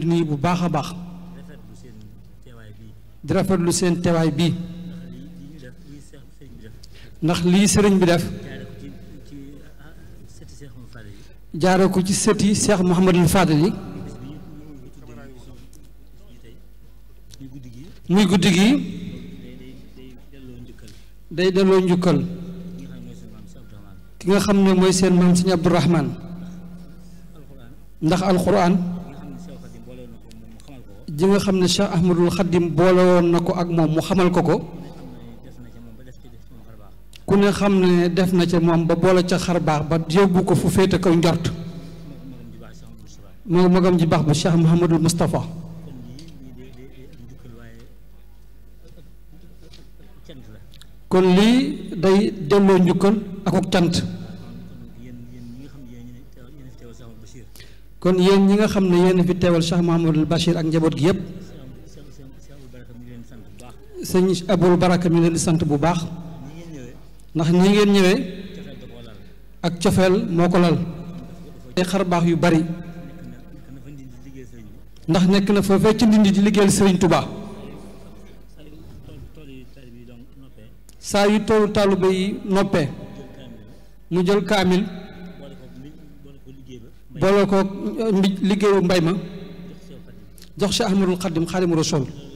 di nuyu bu baax a baax di rafetlu seen teewaay bii ndax lii sëriñ bi def jaare ko ci sëti Cheikh Mouhamadul Fadel yi muy guddi gi day delloo njukkal ki nga xam ne mooy seen maam sëñ Abdourahman ndax alxuraan ji nga xam ne Cheikh Ahmadul Xaddim boole woon na ko ak moom mu xamal ko ko ku ne xam ne def na ca moom ba boole ca xar baax ba yóbbu ko fu féete kaw njort moo magam ji baax ba Cheikh Mouhamadul Moustapha kon lii day delloo njukkal ak ak cant kon yéen ñi nga xam ne yéen fi teewal Cheikh Mouhamadul Bachir ak njaboot gi yëpp sëñ Abul Baraka mi leen di sant bu baax ndax ñi ngeen ñëwee ak cofeel moo ko lal te xar baax yu bari ndax nekk na foofee ci ndindi di liggéeyal sëriñ Touba saa yu toolu taalibe yi noppee mu jël kaamil boole ko euh, liggéeyu mbay ma jox Cheikh Ahmadul Xadim Xaadimu Rasuul